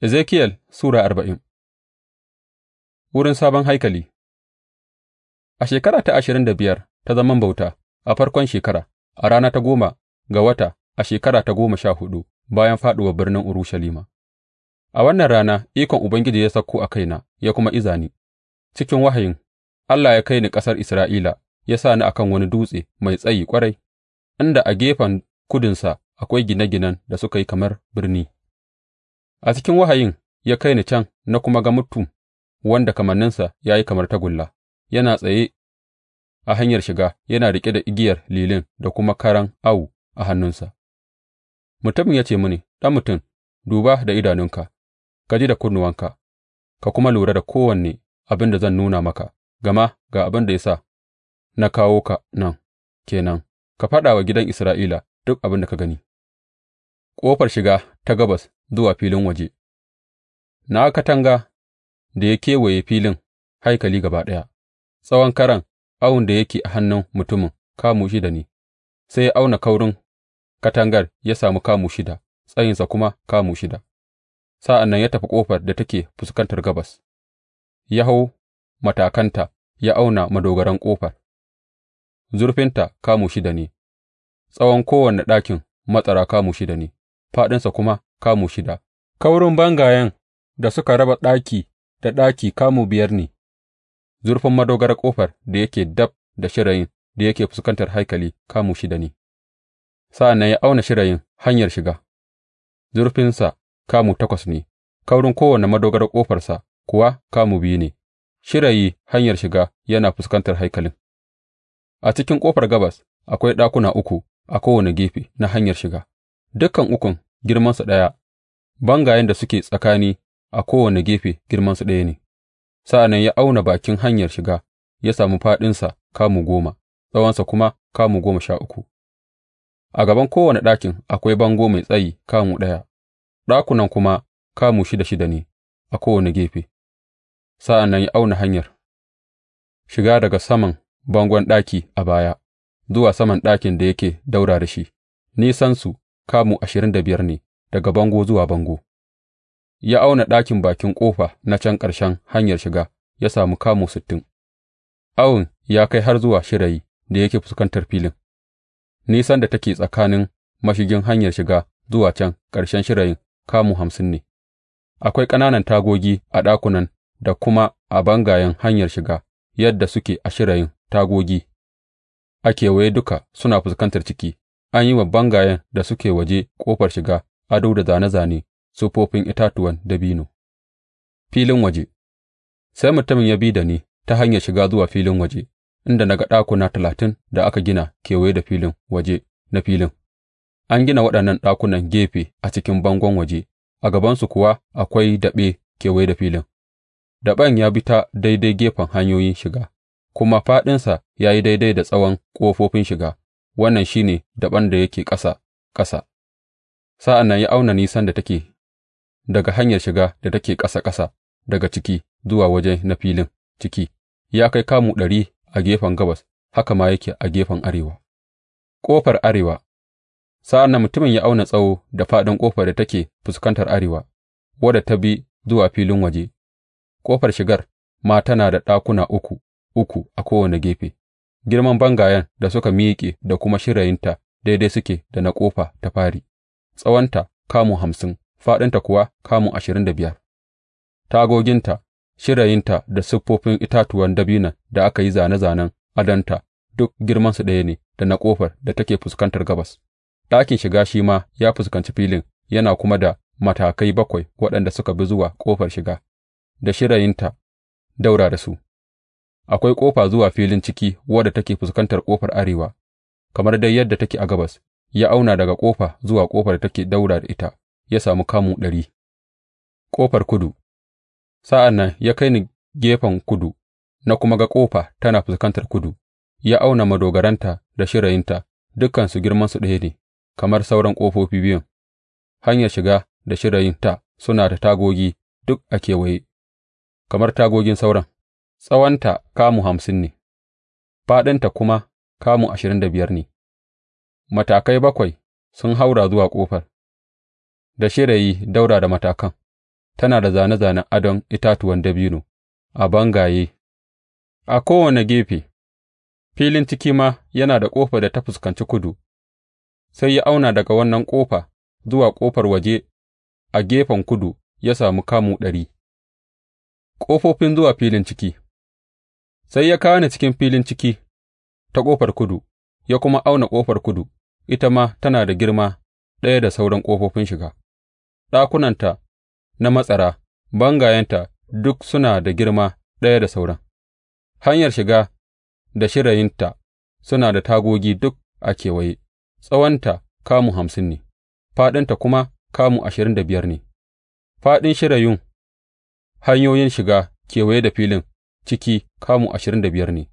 ezekiel Sura arba'in Wurin sabon haikali A shekara ta ashirin da biyar ta zaman bauta, a farkon shekara, a rana ta goma ga wata a shekara ta goma sha hudu, bayan faɗuwa birnin Urushalima, a wannan rana ikon Ubangiji ya sauko a kaina ya kuma izani. cikin wahayin Allah ya kai ni ƙasar Isra'ila ya sa ni a kan wani dutse mai tsayi ƙwarai, inda a gefen kudinsa akwai gine ginen da suka yi kamar birni. A cikin wahayin ya kai ni can na kuma ga mutum wanda kamanninsa ya yi kamar tagulla, yana tsaye a hanyar shiga yana riƙe da igiyar lilin da kuma karan awu a hannunsa. Mutumin ya ce mini, Ɗan mutum, duba da idanunka, ka ji da kunnuwanka, ka kuma lura da kowanne abin da zan nuna maka, gama ga abin da ya sa na kawo ka nan, kenan, ka faɗa wa gidan Isra'ila duk abin da ka gani. ƙofar shiga ta gabas zuwa filin waje, na katanga da ya kewaye filin haikali gaba ɗaya, tsawon karan awon da yake a hannun mutumin kamu shida ne, sai ya auna kaurin katangar ya sami kamu shida, tsayinsa kuma kamu shida. Sa'an nan ya tafi ƙofar da take fuskantar gabas, ya hau matakanta ya auna madogaran ƙofar, zurfinta kamu shida ne, tsawon kowane ɗakin matsara kamu shida ne. fāɗinsa kuma kamu shida, kaurin bangayen da suka raba ɗaki da ɗaki kamu biyar ne, zurfin madogarar ƙofar da yake dab da shirayin da yake fuskantar haikali kamu shida ne, sa'an nan ya auna shirayin hanyar shiga, zurfinsa kamu takwas ne, kaurin kowane madogarar ƙofarsa kuwa kamu biyu ne, shirayi hanyar shiga yana fuskantar haikalin. A cikin ƙofar gabas akwai ɗakuna uku a kowane gefe na hanyar shiga, dukan ukun girmansu ɗaya, bangayen da suke tsakani a kowane gefe girmansu ɗaya ne. Sa'an nan ya auna bakin hanyar shiga, ya sami fāɗinsa kamu goma, tsawonsa kuma kamu goma sha uku. A gaban kowane ɗakin akwai bango mai tsayi kamu ɗaya, ɗakunan kuma kamu shida shida ne a kowane gefe. Sa'an nan ya auna hanyar shiga daga saman bangon ɗaki a baya zuwa saman ɗakin da yake ɗaura da shi, nisansu kamu ashirin da biyar ne daga bango zuwa bango, ya auna ɗakin bakin ƙofa na can ƙarshen hanyar shiga ya sami kamu sittin, awon ya kai har zuwa shirayi da yake fuskantar filin, nisan da take tsakanin mashigin hanyar shiga zuwa can ƙarshen shirayin kamu hamsin ne, akwai ƙananan tagogi a ɗakunan da kuma a bangayen hanyar shiga yadda suke a shirayin tagogi, a kewaye duka suna fuskantar ciki An yi wa bangayen da suke waje ƙofar shiga ado da zāne zāne siffofin itatuwan dabino Filin waje Sai mutumin ya bi da ni ta hanyar shiga zuwa filin waje, inda na ga ɗakuna talatin da aka gina kewaye da filin waje na filin, an gina waɗannan ɗakunan gefe a cikin bangon waje, a gabansu kuwa akwai daɓe kewaye da filin, daɓen ya bi ta daidai gefen hanyoyin shiga, kuma faɗinsa ya yi daidai da tsawon ƙofofin shiga. wannan shi ne daɓen da yake ƙasa ƙasa, sa'an nan ya auna nisan da take daga hanyar shiga da take ƙasa ƙasa daga ciki zuwa waje na filin ciki, ya kai kamu ɗari a gefen gabas, haka ma yake a gefen arewa. Ƙofar arewa Sa'an nan mutumin ya auna tsawo da faɗin ƙofar da take fuskantar arewa, wadda ta bi zuwa filin waje, ƙofar shigar ma tana da ɗakuna uku uku a kowane gefe, girman bangayen da suka miƙe da kuma shirayinta daidai suke da na ƙofa ta fari, tsawonta kamu hamsin, faɗinta kuwa kamu ashirin da biyar. Tagoginta, shirayinta da siffofin itatuwan dabinon da aka yi zane-zanen adonta duk girmansu ɗaya ne da na ƙofar da take fuskantar gabas. Ɗakin shiga shi ma ya fuskanci filin, yana kuma da matakai bakwai waɗanda suka bi zuwa ƙofar shiga, da shirayinta daura da su. akwai ƙofa zuwa filin ciki wadda take fuskantar ƙofar arewa, kamar dai yadda take a gabas, ya auna daga ƙofa zuwa ƙofar da take daura da ita, ya sami kamu ɗari, ƙofar kudu, sa'an nan ya kai ni gefen kudu, na kuma ga ƙofa tana fuskantar kudu, ya auna madogaranta da shirayinta, dukansu girmansu ɗaya ne, kamar sauran ƙofofi biyun, hanyar shiga da shirayinta suna da tagogi duk a kewaye, kamar tagogin sauran. tsawonta kamu hamsin ne, fāɗinta kuma kamu ashirin da biyar ne, matakai bakwai sun haura zuwa ƙofar, da shirayi daura da matakan, tana da zane-zanen adon itatuwan dabino a bangaye a kowane gefe, filin ciki ma yana da ƙofar da ta fuskanci kudu, sai ya auna daga wannan ƙofa zuwa ƙofar waje a gefen kudu ya sami kamu ɗari. Ƙofofin zuwa filin ciki. Sai ya kawo ni cikin filin ciki ta ƙofar kudu, ya kuma auna ƙofar kudu, ita ma tana da girma ɗaya da sauran ƙofofin shiga, ɗakunanta na matsara, bangayenta duk suna da girma ɗaya da sauran, hanyar shiga da shirayinta suna da tagogi duk a kewaye, tsawonta kamu hamsin ne, faɗinta kuma kamu ashirin da biyar ne, Faɗin shirayun hanyoyin shiga kewaye da filin ciki kamu ashirin da biyar ne,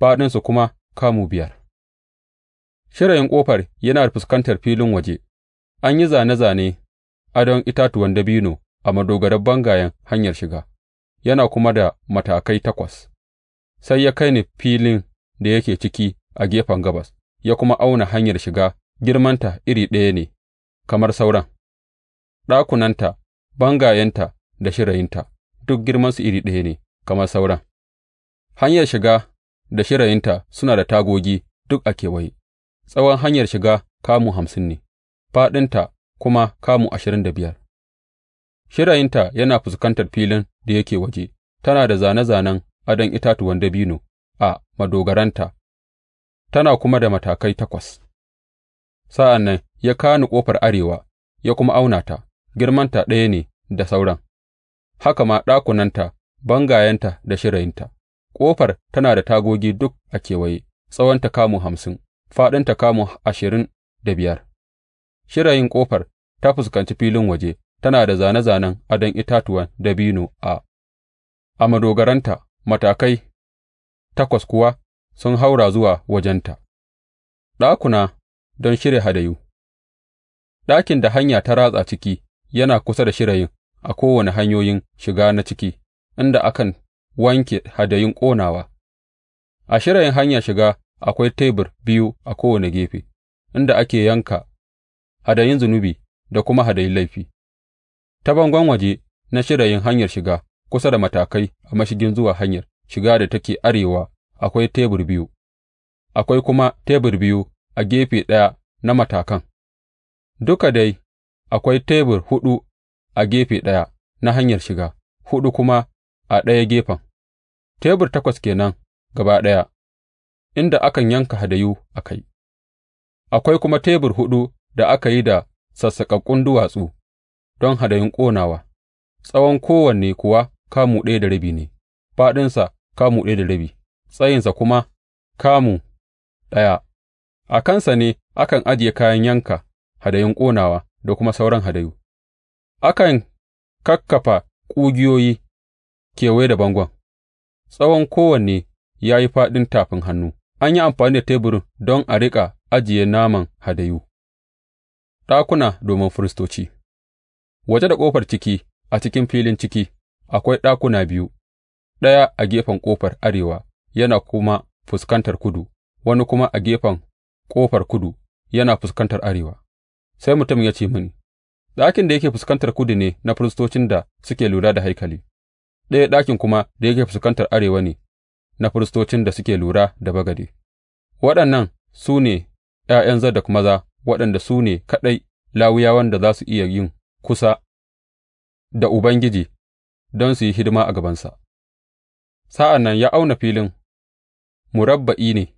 fāɗinsa kuma kamu biyar. Shirayin ƙofar yana fuskantar filin waje, an yi zane-zane adon itatuwan dabino a madogarar bangayen hanyar shiga, yana kuma da matakai takwas, sai ya kai ni filin da yake ciki a gefen gabas, ya kuma auna hanyar shiga girmanta iri ɗaya ne, kamar sauran, ɗakunanta, bangayenta da shirayinta, duk girmansu iri ɗaya ne, kamar sauran. Hanyar shiga da shirayinta suna da tagogi duk a kewaye; tsawon hanyar shiga kamu hamsin ne, faɗinta kuma kamu ashirin da biyar, shirayinta yana fuskantar filin da yake waje, tana da zane-zanen adon itatuwan dabino a madogaranta tana kuma da matakai takwas. Sa'an nan ya kawo ƙofar arewa ya kuma auna ta, girmanta ɗaya ne da sauran, haka ma ɗakunanta, bangayenta da shirayinta. ƙofar tana da tagogi duk a kewaye, tsawonta kamu hamsin, fāɗinta kamu ashirin da biyar. Shirayin ƙofar ta fuskanci filin waje, tana da zane-zanen adon itatuwan dabino a, a madogaranta, matakai takwas kuwa sun haura zuwa wajenta. Ɗakuna don shirya hadayu Ɗakin da hanya ta ratsa ciki yana kusa da shirayin a kowane hanyoyin shiga na ciki, inda akan wanke hadayun ƙonawa, a shirayin hanyar shiga akwai tebur biyu a kowane gefe, inda ake yanka hadayin zunubi da kuma hadayun laifi, ta bangon waje na shirayin hanyar shiga kusa da matakai a mashigin zuwa hanyar shiga da take arewa akwai tebur biyu, akwai kuma tebur biyu a gefe ɗaya na matakan, duka dai akwai tebur huɗu a gefe ɗaya na hanyar shiga, huɗu kuma a ɗaya gefen. tebur takwas ke nan gaba ɗaya inda akan yanka hadayu a kai, akwai kuma tebur huɗu da aka yi da sassaƙaƙƙun duwatsu don hadayun ƙonawa, tsawon kowanne kuwa kamu ɗaya da rabi ne, faɗinsa kamu ɗaya da rabi, tsayinsa kuma kamu ɗaya, a kansa ne akan ajiye kayan yanka hadayun ƙonawa da kuma sauran hadayu, akan kakkafa ƙugiyoyi kewaye da bangon. Tsawon kowanne ya yi fāɗin tafin hannu, an yi amfani da teburin don a riƙa ajiye naman hadayu. Ɗakuna domin firistoci Waje da ƙofar ciki a cikin filin ciki akwai ɗakuna biyu, ɗaya a gefen ƙofar arewa yana kuma fuskantar kudu, wani kuma a gefen ƙofar kudu yana fuskantar arewa. Sai mutum ya ce mini, Ɗakin da yake fuskantar kudu ne na firistocin da suke lura da haikali. ɗaya ɗakin kuma da yake fuskantar arewa ne na firistocin da suke lura da bagade. Waɗannan su ne ’ya'yan Zadok maza waɗanda su ne kaɗai Lawiyawan da za su iya yin kusa da Ubangiji don su yi hidima a gabansa. Sa'an nan ya auna filin, murabba'i ne,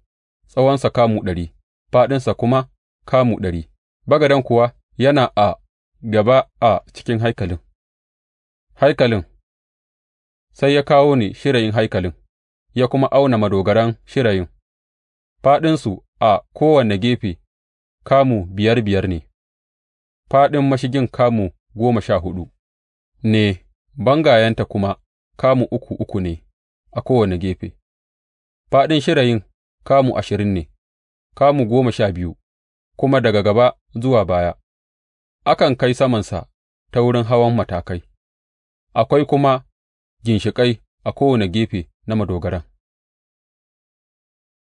tsawonsa kamu ɗari, faɗinsa kuma kamu ɗari, bagaden kuwa yana a gaba a cikin haikalin, haikalin sai ya kawo ni shirayin haikalin ya kuma auna madogaran shirayin, fāɗinsu a kowane gefe kamu biyar biyar ne, fāɗin mashigin kamu goma sha huɗu ne, bangayenta kuma kamu uku uku ne a kowane gefe, fāɗin shirayin kamu ashirin ne, kamu goma sha biyu, kuma daga gaba zuwa baya, akan kai samansa ta wurin hawan matakai, akwai kuma ginshiƙai a kowane gefe na madogaran.